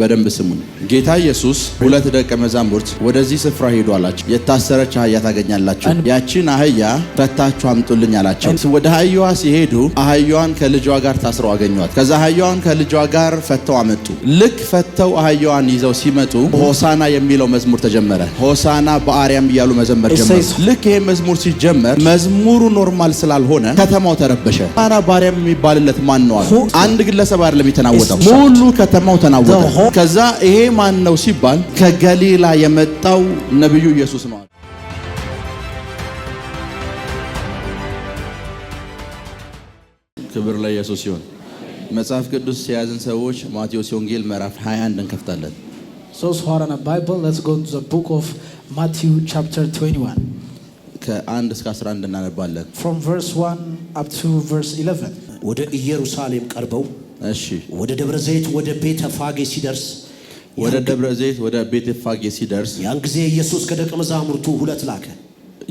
በደንብ ስሙን። ጌታ ኢየሱስ ሁለት ደቀ መዛሙርት ወደዚህ ስፍራ ሄዱ አላቸው። የታሰረች አህያ ታገኛላችሁ፣ ያቺን አህያ ፈታችሁ አምጡልኝ አላቸው። ወደ አህያዋ ሲሄዱ አህያዋን ከልጇ ጋር ታስረው አገኟት። ከዛ አህያዋን ከልጇ ጋር ፈተው አመጡ። ልክ ፈተው አህያዋን ይዘው ሲመጡ ሆሳና የሚለው መዝሙር ተጀመረ። ሆሳና በአርያም እያሉ መዘመር ጀመሩ። ልክ ይሄ መዝሙር ሲጀመር መዝሙሩ ኖርማል ስላልሆነ ከተማው ተረበሸ። ሆሳዕና በአርያም የሚባልለት ማን ነው? አንድ ግለሰብ አይደለም የተናወጠው፣ ሙሉ ከተማው ተናወጠ። ከዛ ይሄ ማን ነው ሲባል ከገሊላ የመጣው ነቢዩ ኢየሱስ ነው። ክብር ለኢየሱስ ሲሆን መጽሐፍ ቅዱስ የያዝን ሰዎች ማቴዎስ ወንጌል ምዕራፍ 21 እንከፍታለን። ሶስ ሆራና ባይብል ሌትስ ጎ ቱ ዘ ቻፕተር 21 ከ1 እስከ 11 እናነባለን። ፍሮም ቨርስ 1 አፕ ቱ ቨርስ 11 ወደ ኢየሩሳሌም ቀርበው እሺ ወደ ደብረ ዘይት ወደ ቤተ ፋጌ ሲደርስ ወደ ደብረ ዘይት ወደ ቤተ ፋጌ ሲደርስ ያን ጊዜ ኢየሱስ ከደቀ መዛሙርቱ ሁለት ላከ።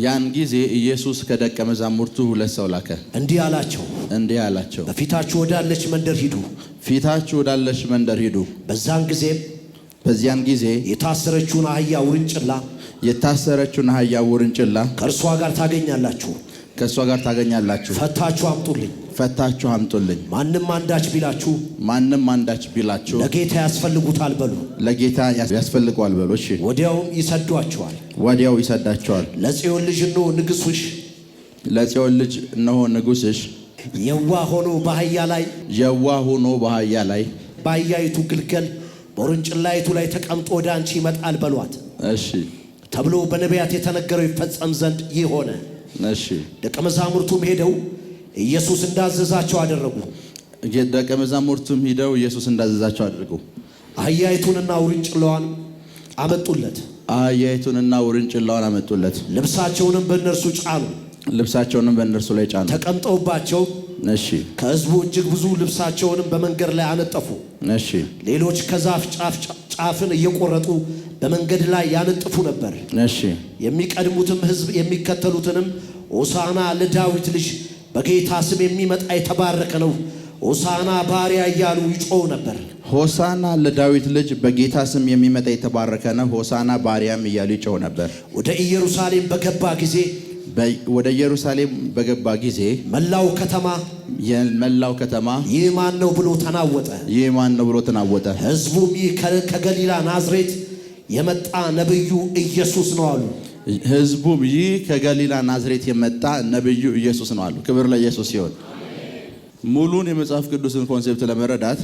ያን ጊዜ ኢየሱስ ከደቀ መዛሙርቱ ሁለት ሰው ላከ። እንዲህ አላቸው እንዲህ አላቸው በፊታችሁ ወዳለች መንደር ሂዱ፣ ፊታችሁ ወዳለች መንደር ሂዱ። በዛን ጊዜም በዚያን ጊዜ የታሰረችውን አህያ ውርንጭላ የታሰረችውን አህያ ውርንጭላ ከእርሷ ጋር ታገኛላችሁ፣ ከእርሷ ጋር ታገኛላችሁ። ፈታችሁ አምጡልኝ ፈታችሁ አምጡልኝ። ማንም አንዳች ቢላችሁ ማንም አንዳች ቢላችሁ ለጌታ ያስፈልጉታል በሉ፣ ለጌታ ያስፈልገዋል በሉ። እሺ፣ ወዲያውም ይሰዷቸዋል፣ ወዲያው ይሰዳቸዋል። ለጽዮን ልጅ እነሆ ንጉሥሽ፣ ለጽዮን ልጅ እነሆ ንጉሥሽ የዋ ሆኖ በአህያ ላይ የዋ ሆኖ በአህያ ላይ በአህያይቱ ግልገል በውርንጭላይቱ ላይ ተቀምጦ ወደ አንቺ ይመጣል በሏት። እሺ ተብሎ በነቢያት የተነገረው ይፈጸም ዘንድ ይህ ሆነ። እሺ ደቀ መዛሙርቱም ሄደው ኢየሱስ እንዳዘዛቸው አደረጉ። ደቀ መዛሙርቱም ሂደው ኢየሱስ እንዳዘዛቸው አድርጉ። አህያይቱንና ውርንጭላዋን አመጡለት። አህያይቱንና ውርንጭላዋን አመጡለት። ልብሳቸውንም በእነርሱ ጫኑ። ልብሳቸውንም በእነርሱ ላይ ጫኑ። ተቀምጠውባቸው እሺ። ከህዝቡ እጅግ ብዙ ልብሳቸውንም በመንገድ ላይ አነጠፉ። እሺ። ሌሎች ከዛፍ ጫፍ ጫፍን እየቆረጡ በመንገድ ላይ ያነጥፉ ነበር። እሺ። የሚቀድሙትም ህዝብ የሚከተሉትንም ሆሳዕና ለዳዊት ልጅ በጌታ ስም የሚመጣ የተባረከ ነው፣ ሆሳና ባሪያ እያሉ ይጮው ነበር። ሆሳና ለዳዊት ልጅ በጌታ ስም የሚመጣ የተባረከ ነው፣ ሆሳና ባሪያም እያሉ ይጮው ነበር። ወደ ኢየሩሳሌም በገባ ጊዜ ወደ ኢየሩሳሌም በገባ ጊዜ መላው ከተማ የመላው ከተማ ይህ ማን ነው ብሎ ተናወጠ። ይህ ማን ነው ብሎ ተናወጠ። ህዝቡም ይህ ከገሊላ ናዝሬት የመጣ ነቢዩ ኢየሱስ ነው አሉ። ህዝቡም ይህ ከገሊላ ናዝሬት የመጣ ነብዩ ኢየሱስ ነው አሉ። ክብር ለኢየሱስ ይሁን። ሙሉን የመጽሐፍ ቅዱስን ኮንሴፕት ለመረዳት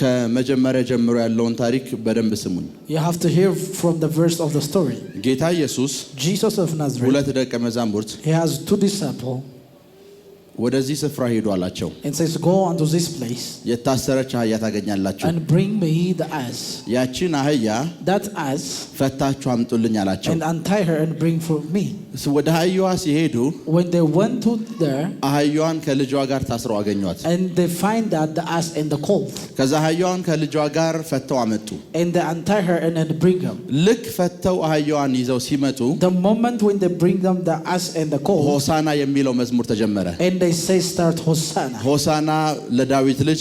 ከመጀመሪያ ጀምሮ ያለውን ታሪክ በደንብ ስሙኝ። ጌታ ኢየሱስ ሁለት ደቀ መዛሙርት ወደዚህ ስፍራ ሄዱ አላቸው። የታሰረች አህያ ታገኛላችሁ፣ ያችን አህያ ፈታችሁ አምጡልኝ አላቸው። ወደ አህያዋ ሲሄዱ አህያዋን ከልጇ ጋር ታስረው አገኟት። ከዛ አህያዋን ከልጇ ጋር ፈተው አመጡ። ልክ ፈተው አህያዋን ይዘው ሲመጡ ሆሳና የሚለው መዝሙር ተጀመረ። ሆሳና ለዳዊት ልጅ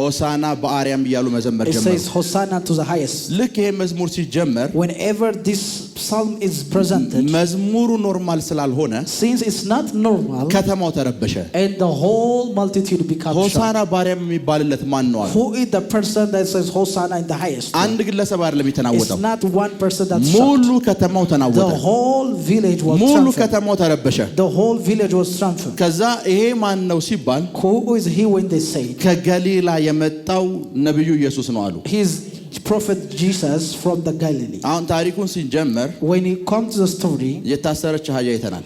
ሆሳና በአርያም እያሉ መዘመር ጀመሩ። ልክ ይሄ መዝሙር ሲጀመር መዝሙሩ ኖርማል ስላልሆነ ከተማው ተረበሸ። ሆሳና ባሪያም የሚባልለት ማን ነው? አንድ ግለሰብ አይደለም የተናወጠው፣ ሙሉ ከተማው ተናወጠ። ሙሉ ከተማው ተረበሸ። ከዛ ይሄ ማን ነው ሲባል ከገሊላ የመጣው ነቢዩ ኢየሱስ ነው አሉ። አሁን ታሪኩን ስንጀምር የታሰረች አህያ አይተናል።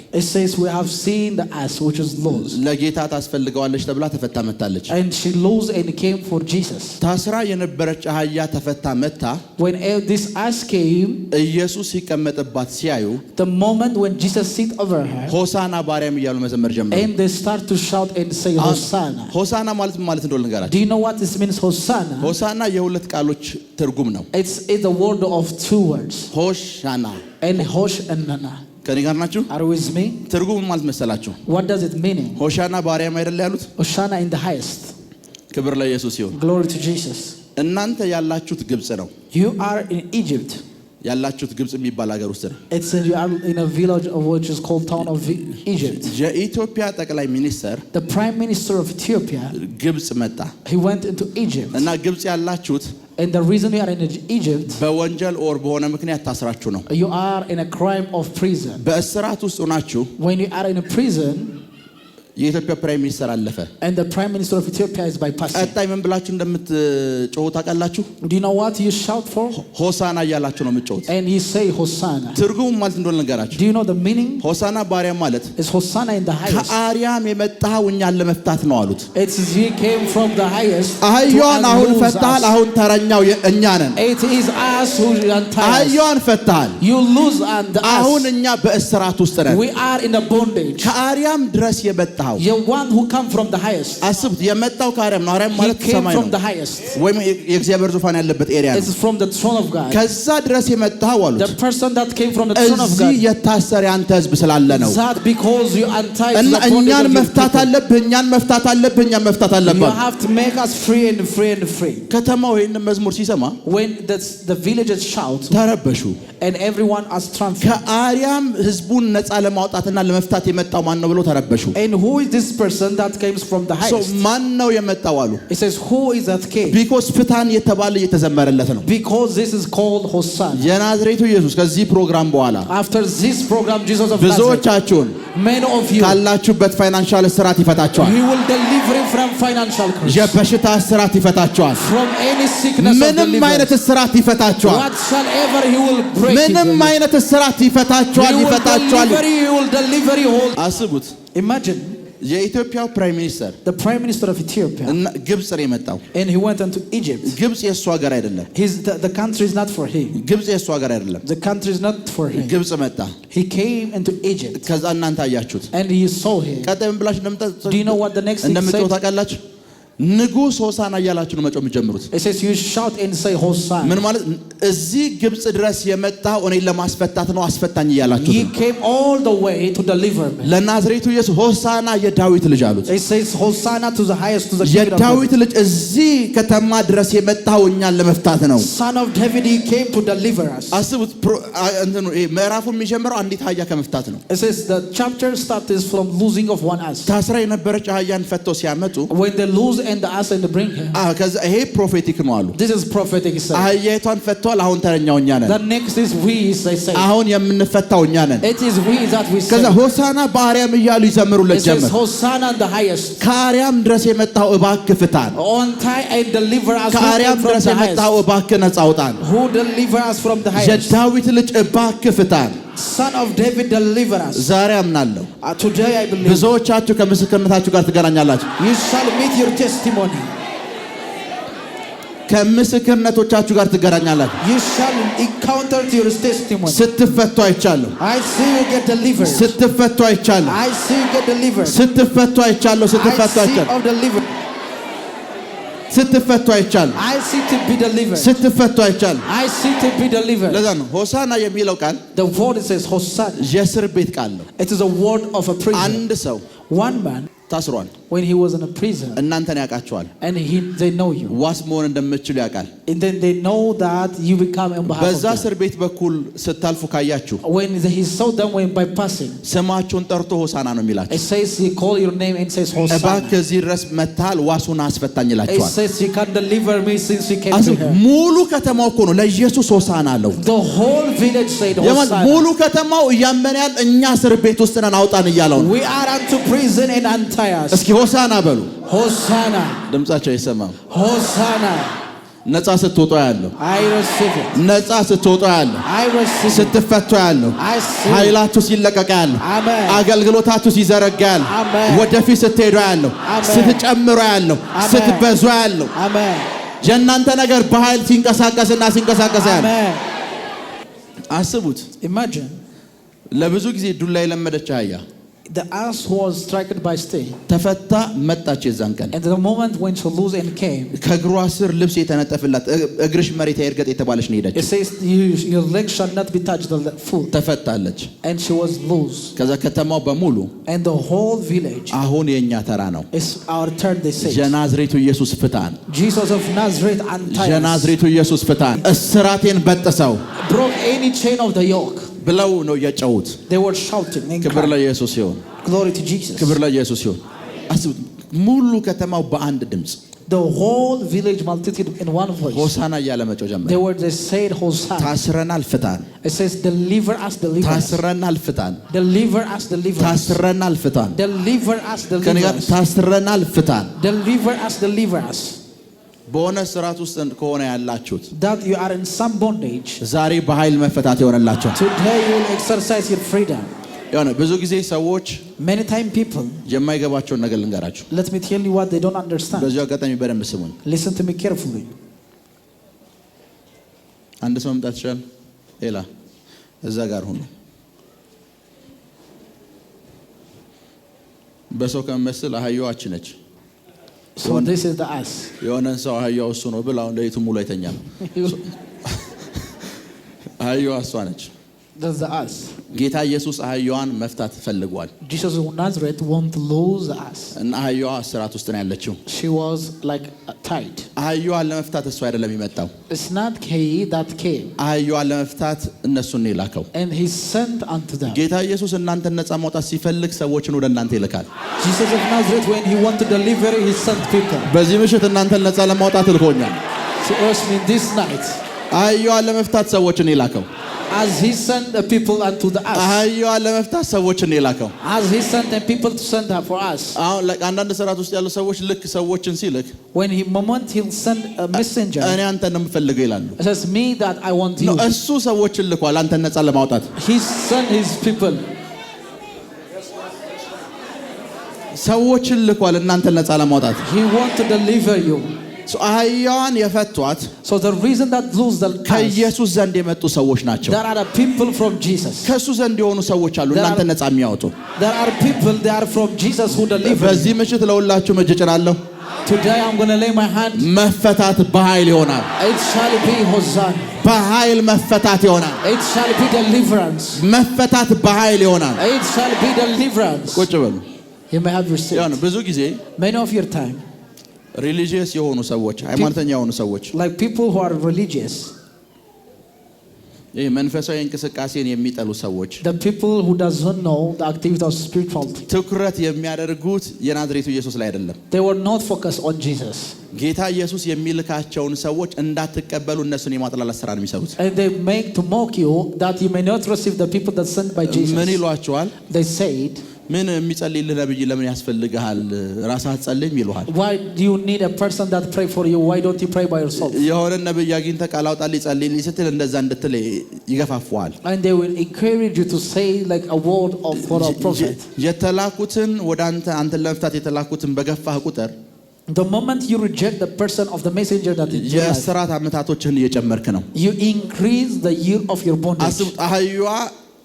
ለጌታ ታስፈልገዋለች ተብላ ተፈታ መታለች። ታስራ የነበረች አህያ ተፈታ መታ። ኢየሱስ ሲቀመጥባት ሲያዩ ሆሳና ባርያም እያሉ መዘመር ጀመሩ። ሆሳና ማለት ማለት እንደሆነ ልንገራችሁ። ሆሳና የሁለት ቃሎች ትርጉም ነው። ሆሻና ከኔ ጋር ናችሁ? ትርጉሙ ማለት መሰላችሁ? ሆሻና በአርያም አይደለ ያሉት? ክብር ለኢየሱስ ይሁን። እናንተ ያላችሁት ግብፅ ነው። ያላችሁት ግብፅ የሚባል ሀገር ውስጥ ነው። የኢትዮጵያ ጠቅላይ ሚኒስትር ግብፅ መጣ እና ግብፅ ያላችሁት and the reason you are in Egypt you are in a crime of prison when you are in a prison የኢትዮጵያ ፕራይም ሚኒስተር አለፈ። ቀጣይ ምን ብላችሁ እንደምትጮሁ ታውቃላችሁ? ሆሳና እያላችሁ ነው የምትጮሁት። ትርጉሙ ማለት እንደሆነ ነገራችሁ። ሆሳና በአርያም ማለት ከአርያም የመጣኸው እኛን ለመፍታት ነው አሉት። አህያዋን አሁን ፈታሃል። አሁን ተረኛው እኛ ነን። አህያዋን ፈታሃል። አሁን እኛ በእስራት ውስጥ ነን። ከአርያም ድረስ የመጣ የመጣኸው። አስቡት፣ የመጣው ከአርያም ነው። አርያም ማለት ሰማይ ነው፣ ወይም የእግዚአብሔር ዙፋን ያለበት ኤሪያ ነው። ከዛ ድረስ የመጣኸው አሉት እዚህ የታሰረ ያንተ ህዝብ ስላለ ነው። እና እኛን መፍታት አለብህ፣ እኛን መፍታት አለብህ፣ እኛን መፍታት አለብህ። ከተማው ይህን መዝሙር ሲሰማ ተረበሹ። ከአርያም ህዝቡን ነፃ ለማውጣትና ለመፍታት የመጣው ማን ነው ብሎ ተረበሹ። is this person that came from the highest? So man ነው የመጣው አሉ? He says who is that king? Because ፍታን የተባለ እየተዘመረለት ነው። Because this is called Hosanna. የናዝሬቱ ኢየሱስ ከዚህ ፕሮግራም በኋላ After this program Jesus of ብዙዎቻችሁን many of you ካላችሁበት ፋይናንሻል ስራት ይፈታችኋል። He will deliver you from financial curse. የበሽታ ስራት ይፈታችኋል። From any sickness ምንም አይነት ስራት ይፈታችኋል። Whatsoever he will break ምንም አይነት ስራት ይፈታችኋል ይፈታችኋል። He will he will deliver you whole. አስቡት Imagine የኢትዮጵያው ፕራይም ሚኒስተር the prime minister of Ethiopia እና ግብጽ ነው and he went into Egypt ግብጽ የሱ ሀገር አይደለም his the, the country is not for him ግብጽ የሱ ሀገር አይደለም the country is not for him ግብጽ መጣ he came into Egypt ከዛ እናንተ አያችሁት and you saw him ብላችሁ do you know what the next thing said ንጉስ ሆሳና እያላችሁ ነው መጮህ የምትጀምሩት። ምን ማለት እዚህ ግብፅ ድረስ የመጣው እኔ ለማስፈታት ነው፣ አስፈታኝ እያላችሁ ለናዝሬቱ ኢየሱስ ሆሳና የዳዊት ልጅ አሉት። የዳዊት ልጅ እዚህ ከተማ ድረስ የመጣው እኛን ለመፍታት ነው። አስቡት። ምዕራፉ የሚጀምረው አንዲት አህያ ከመፍታት ነው። ታስራ የነበረች አህያን ፈቶ ሲያመጡ ይሄ ፕሮፌቲክ ah, ነው አሉ። አህያይቷን ፈቷል። አሁን ተረኛው እኛ ነን። አሁን የምንፈታው እኛ ነን። ከዛ ሆሳና በአርያም እያሉ ይዘምሩለት ጀመር። ከአርያም ድረስ የመጣው እባክህ ፍታን፣ ከአርያም ድረስ የመጣው እባክህ ነጻ የዳዊት ልጅ እባክህ ፍታን ዛሬ አምናለሁ uh, ብዙዎቻችሁ ከምስክርነታችሁ ጋር ትገናኛላችሁ። ከምስክርነቶቻችሁ ጋር ትገናኛላችሁ። ስትፈቱ አይቻለሁ። ስትፈቱ አይቻለሁ። ስትፈቱ አይቻለሁ። ስትፈቱ አይቻለሁ። ስትፈቱ አይቻል ስትፈቱ አይቻል። ለዛ ነው ሆሳና የሚለው ቃል የእስር ቤት ቃል ነው። አንድ ሰው ታስሯል። እናንተን ያውቃቸዋል። ዋስ መሆን እንደምችሉ ያውቃል። በዛ እስር ቤት በኩል ስታልፉ ካያችሁ ስማቸውን ጠርቶ ሆሳና ነው የሚላችሁ። እባክህ እዚህ ድረስ መታል ዋሱን አስፈታኝ ይላችኋል። ሙሉ ከተማው እኮ ነው ለኢየሱስ ሆሳና አለው። ሙሉ ከተማው እያመነ ያል እኛ እስር ቤት ውስጥ ነን አውጣን እያለው ነው ያስ እስኪ ሆሳና በሉ። ሆሳና ድምጻቸው አይሰማም። ሆሳና ነፃ ስትወጣ ያለው ነፃ ስትወጣ ያለው ስትፈቷ ያለው ኃይላችሁ ሲለቀቀ ያለሁ አገልግሎታችሁ ሲዘረጋ ያለው ወደፊት ስትሄዱ ያለው ስትጨምሩ ያለሁ ስትበዙ ያለው የእናንተ ነገር በኃይል ሲንቀሳቀስና ሲንቀሳቀስ ያለ አስቡት። ኢማጂን ለብዙ ጊዜ ዱላ የለመደች አህያ ተፈታ መጣች። የዛን ቀን ከእግሯ ስር ልብስ የተነጠፈላት እግርሽ መሬት አይርገጥ የተባለች ነው ሄደች። ተፈታለች። ከዛ ከተማው በሙሉ አሁን የእኛ ተራ ነው። የናዝሬቱ ኢየሱስ ፍታን፣ የናዝሬቱ ኢየሱስ ፍታን። እስራቴን በጥሰው ብለው ነው እያጫወቱ። ክብር ለኢየሱስ ይሁን፣ ክብር ለኢየሱስ ይሁን። አስቡት፣ ሙሉ ከተማው በአንድ ድምፅ ሆሳና እያለ መጮህ ጀመረ። ታስረናል ፍታን፣ ታስረናል ፍታን፣ ታስረናል ፍታን፣ ታስረናል ፍታን በሆነ ስርዓት ውስጥ ከሆነ ያላችሁት ዛሬ በኃይል መፈታት ይሆንላቸው። የሆነ ብዙ ጊዜ ሰዎች የማይገባቸውን ነገር ልንገራችሁ። በዚሁ አጋጣሚ በደንብ ስሙኝ። አንድ ሰው መምጣት ይችላል። ሌላ እዛ ጋር ሁኑ። በሰው ከመመስል አህያዋች ነች። Mm. የሆነን ሰው አህያው እሱ ነው ብል አሁን ለይቱ ሙሉ አይተኛም። አህያዋ እሷ ነች። ጌታ ኢየሱስ አህያዋን መፍታት ፈልጓል። አህያዋ ስርዓት ውስጥ ነው ያለችው። አህያዋን ለመፍታት እሱ አይደለም የመጣው። አህያዋን ለመፍታት እነሱን ነው የላከው። ጌታ ኢየሱስ እናንተን ነጻ ማውጣት ሲፈልግ ሰዎችን ወደ እናንተ ይልካል። በዚህ ምሽት እናንተን ነፃ ለማውጣት ልኮኛል። አህያዋን ለመፍታት ሰዎችን የላከው as he sent the people unto us አህያዋን ለመፍታት ሰዎችን የላከው as he sent the people to send her for us አሁን አንዳንድ ስርዓት ውስጥ ያሉ ሰዎች ልክ ሰዎችን ሲልክ when he moment he'll send a messenger እኔ አንተን ነው የምፈልገው ይላሉ says me that I want you እሱ ሰዎችን ልኳል አንተን ነፃ ለማውጣት he sent his people ሰዎችን ልኳል እናንተን ነፃ ለማውጣት he want to deliver you አህያዋን የፈቷት ከኢየሱስ ዘንድ የመጡ ሰዎች ናቸው። ከእሱ ዘንድ የሆኑ ሰዎች አሉ፣ እናንተ ነፃ የሚያወጡ በዚህ ምሽት ለሁላችሁም እጅ ጭናለሁ። መፈታት በኃይል ይሆናል። በኃይል መፈታት ይሆናል። መፈታት በኃይል ይሆናል። ቁጭ በሉ። ብዙ ጊዜ ሪሊጂየስ የሆኑ ሰዎች ሃይማኖተኛ የሆኑ ሰዎች like people who are religious ይህ መንፈሳዊ እንቅስቃሴን የሚጠሉ ሰዎች the people who doesn't know the activity of spirituality ትኩረት የሚያደርጉት የናዝሬቱ ኢየሱስ ላይ አይደለም they were not focused on Jesus ጌታ ኢየሱስ የሚልካቸውን ሰዎች እንዳትቀበሉ እነሱን የማጥላላት ስራ የሚሰሩት and they make to mock you that you may not receive the people that sent by Jesus ምን ይሏቸዋል they said ምን የሚጸልይልህ ነብይ ለምን ያስፈልግሃል? ራስህ አትጸልይም ይሉሃል። የሆነ ነብይ አግኝተህ ቃል አውጣልኝ ጸልይልኝ ስትል እንደዛ እንድትል ይገፋፉሃል። የተላኩትን ወደ አንተ አንተን ለመፍታት የተላኩትን በገፋህ ቁጥር The moment you reject the person of the messenger that is የስራት ዓመታቶችህን እየጨመርክ ነው። You increase the year of your bondage.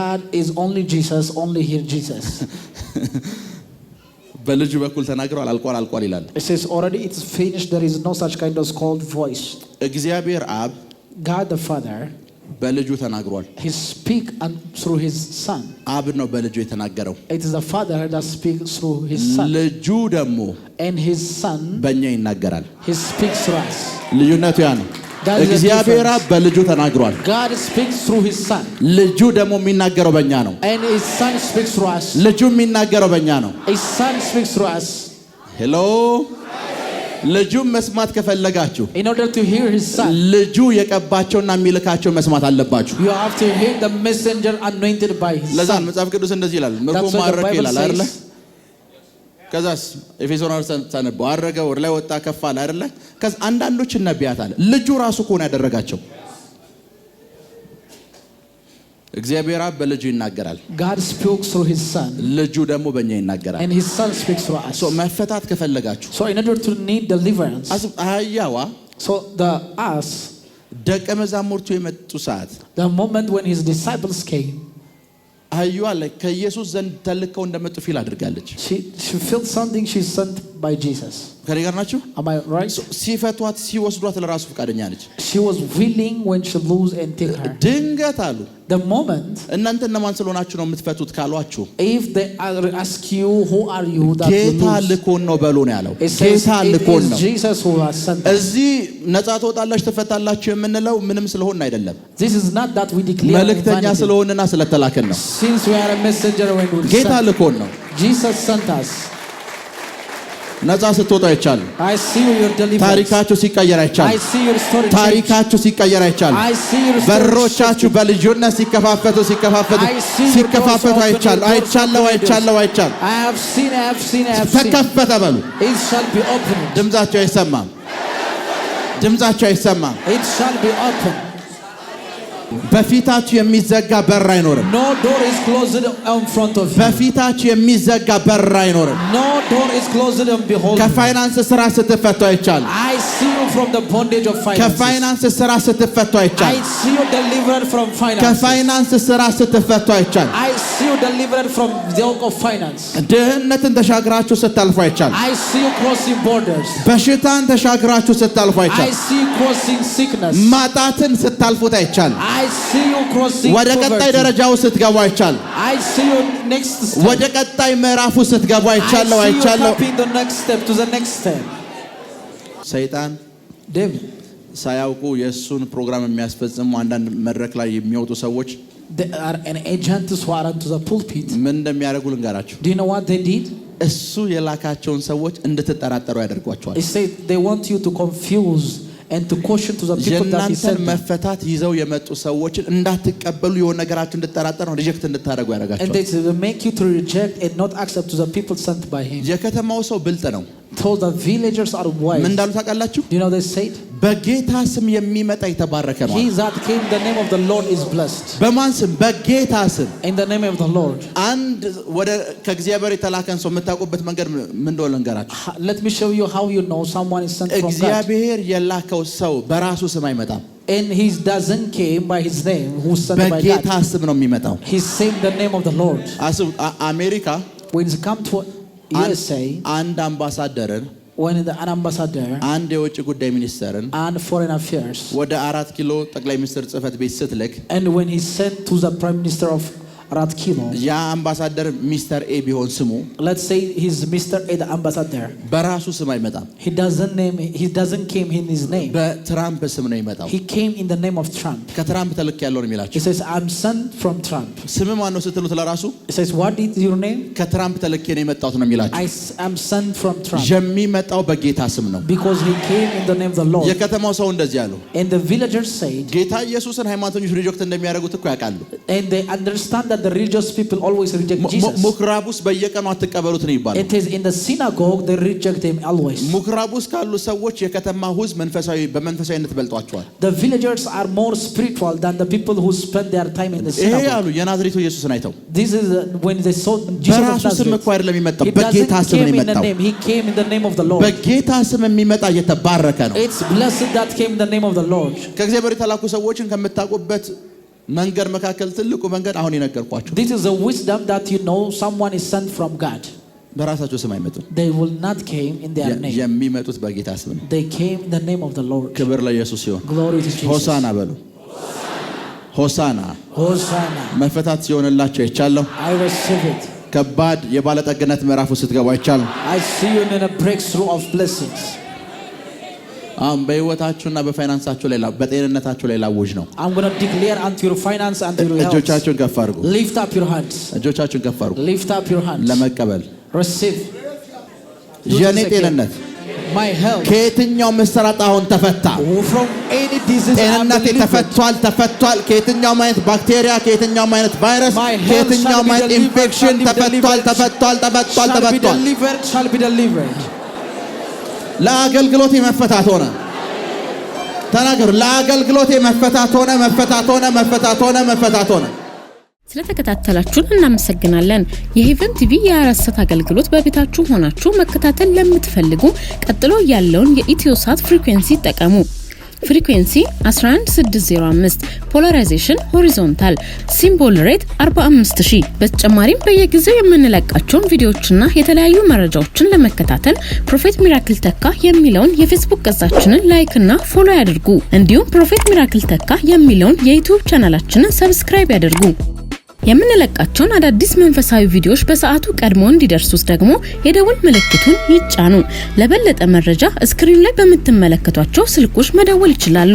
God is only Jesus, only here Jesus. በልጁ በኩል ተናግረዋል። አልቋል አልቋል ይላል። It says already it's finished. There is no such kind of cold voice. እግዚአብሔር አብ God the Father በልጁ ተናግሯል። He speak and through his son. አብ ነው በልጁ የተናገረው። It is the Father that speak through his son. ልጁ ደግሞ and his son በእኛ ይናገራል። He speaks through us. ልዩነቱ ያ ነው። እግዚአብሔር አብ በልጁ ተናግሯል። ልጁ ደግሞ የሚናገረው በእኛ ነው። ልጁ የሚናገረው በእኛ ነው። ሄሎ ልጁን መስማት ከፈለጋችሁ ልጁ የቀባቸውና የሚልካቸው መስማት አለባችሁ። ለዛ መጽሐፍ ቅዱስ እንደዚህ ይላል ምርኮ ማረክ ይላል አይደለ ከዛስ ኤፌሶን አርሰን ሳነበው አረገ ወደ ላይ ወጣ ከፍ አለ አይደለ? ከዛ አንዳንዶች ነቢያት አለ ልጁ ራሱ ከሆነ ያደረጋቸው። እግዚአብሔር አብ በልጁ ይናገራል። ልጁ ደግሞ በእኛ ይናገራል። መፈታት ከፈለጋችሁ አስ ደቀ መዛሙርቱ የመጡ ሰዓት አህያዋ ከኢየሱስ ዘንድ ተልከው እንደመጡ ፊል አድርጋለች። ከኔ ጋር ናችሁ? ሲፈቷት ሲወስዷት ለራሱ ፈቃደኛ ነች። ድንገት አሉ እናንተ እነማን ስለሆናችሁ ነው የምትፈቱት ካሏችሁ ጌታ ልኮን ነው በሉ ነው ያለው። ጌታ ልኮን ነው። እዚህ ነፃ ትወጣላችሁ ትፈታላችሁ የምንለው ምንም ስለሆን አይደለም፣ መልእክተኛ ስለሆንና ስለተላክን ነው። ጌታ ልኮን ነው። ነፃ ስትወጡ አይቻል። ታሪካችሁ ሲቀየር አይቻል። ታሪካችሁ ሲቀየር አይቻል። በሮቻችሁ በልዩነት ሲከፋፈቱ ሲከፋፈቱ ሲከፋፈቱ አይቻል። አይቻለው አይቻለው አይቻል። ተከፈተ በሉ። ድምጻቸው አይሰማም። ድምጻቸው አይሰማም። በፊታችሁ የሚዘጋ በር አይኖርም። በፊታችሁ የሚዘጋ በር አይኖርም። ከፋይናንስ ስራ ስትፈቱ አይቻል። ከፋይናንስ ስራ ስትፈቱ አይቻል። ከፋይናንስ ስራ ስትፈቱ አይቻል። ድህነትን ተሻግራችሁ ስታልፉ አይቻል። በሽታን ተሻግራችሁ ስታልፉ አይቻል። ማጣትን ስታልፉት አይቻል። ወደ ቀጣይ ደረጃው ስትገቡ አይቻለሁ። ወደ ቀጣይ ምዕራፉ ስትገቡ አይቻለሁ። አይቻለሁ። ሰይጣን ሳያውቁ የእሱን ፕሮግራም የሚያስፈጽሙ አንዳንድ መድረክ ላይ የሚወጡ ሰዎች ምን እንደሚያደርጉ ልንገራቸው። እሱ የላካቸውን ሰዎች እንድትጠራጠሩ ያደርጓቸዋል። የእናንተን መፈታት ይዘው የመጡ ሰዎችን እንዳትቀበሉ የሆነ ነገራችሁ እንድጠራጠር ነው፣ ሪጀክት እንድታደርጉ ያደርጋቸዋል። የከተማው ሰው ብልጥ ነው። told the villagers are wise. ምን You know they said በጌታ ስም የሚመጣ He that came the name of the Lord is blessed. በማን ስም? በጌታ In the name of the Lord. And what? Let me show you how you know someone is sent from God. እግዚአብሔር የላከው ሰው በራሱ ስም doesn't came by his name who sent by God. He sent the name of the Lord. As America, when it come to you say አንድ አምባሳደርን when the, an ambassador አንድ የውጭ ጉዳይ ሚኒስተርን and foreign affairs ወደ አራት ኪሎ ጠቅላይ ሚኒስትር ጽህፈት ቤት ስትልክ and when he sent to the prime minister of አራት ኪሎ ያ አምባሳደር ሚስተር ኤ ቢሆን ስሙ let's say he's Mr. A the ambassador በራሱ ስም አይመጣም he doesn't name he doesn't came in his name በትራምፕ ስም ነው ይመጣው he came in the name of Trump ከትራምፕ ተልክ ያለው ነው የሚላቸው he says I'm from Trump ስም ማን ነው ስትሉት ለራሱ he says what is your name ከትራምፕ ተልክ ነው የመጣው ነው የሚላቸው I am sent from Trump የሚመጣው በጌታ ስም ነው because he came in the name of the Lord የከተማው ሰው እንደዚህ አሉ and the villagers said ጌታ ኢየሱስን ሃይማኖተኞች ሪጀክት እንደሚያደርጉት እኮ ያውቃሉ and they understand that that the religious people always reject Jesus. It is in the synagogue they reject him always. The villagers are more spiritual than the people who spend their time in the eh, synagogue. ይሄ ያሉ የናዝሬቱ ኢየሱስን አይተው This is uh, when they saw Jesus of Nazareth. ስም እኮ አይደለም የመጣው በጌታ ስም ነው የመጣው። He came in the name of the Lord. It's blessed that came in the name of the Lord. መንገድ መካከል ትልቁ መንገድ አሁን this is the wisdom that you know someone is sent from God በራሳቸው ስም አይመጡም they will not came in their name የሚመጡት በጌታ ስም ነው they came in the name of the Lord ክብር ለኢየሱስ ይሁን glory to Jesus ሆሳና በሉ ሆሳና ሆሳና መፈታት ሲሆንላቸው ይቻለሁ i receive it ከባድ የባለጠግነት i see you in a breakthrough of blessings አሁን በህይወታችሁና በፋይናንሳችሁ ላይ በጤንነታችሁ ላይ ላውጅ ነው። I'm going to declare unto your finance and your health. እጆቻችሁን ከፍ አድርጉ። Lift up your hands. እጆቻችሁን ከፍ አድርጉ። Lift up your hands. ለመቀበል receive የኔ ጤንነት ከየትኛው መሰራት አሁን ተፈታ። ጤንነቴ ተፈቷል ተፈቷል። ከየትኛውም አይነት ባክቴሪያ፣ ከየትኛውም አይነት ቫይረስ፣ ከየትኛውም አይነት ኢንፌክሽን ተፈቷል ተፈቷል ተፈቷል ተፈቷል። ለአገልግሎት መፈታት ሆነ። ተናገሩ። ለአገልግሎት መፈታት ሆነ፣ መፈታት ሆነ፣ መፈታት ሆነ፣ መፈታት ሆነ። ስለተከታተላችሁን እናመሰግናለን። የሄቨን ቲቪ የአራሰት አገልግሎት በቤታችሁ ሆናችሁ መከታተል ለምትፈልጉ ቀጥሎ ያለውን የኢትዮሳት ፍሪኩዌንሲ ይጠቀሙ። ፍሪኩንሲ 11605 ፖላራይዜሽን ሆሪዞንታል ሲምቦል ሬት 45000 በተጨማሪም በየጊዜው የምንለቃቸውን ቪዲዮዎችና የተለያዩ መረጃዎችን ለመከታተል ፕሮፌት ሚራክል ተካ የሚለውን የፌስቡክ ገጻችንን ላይክ እና ፎሎ ያድርጉ። እንዲሁም ፕሮፌት ሚራክል ተካ የሚለውን የዩቲዩብ ቻናላችንን ሰብስክራይብ ያድርጉ። የምንለቃቸውን አዳዲስ መንፈሳዊ ቪዲዮዎች በሰዓቱ ቀድሞ እንዲደርሱት ደግሞ የደውል ምልክቱን ይጫኑ። ለበለጠ መረጃ ስክሪኑ ላይ በምትመለከቷቸው ስልኮች መደወል ይችላሉ።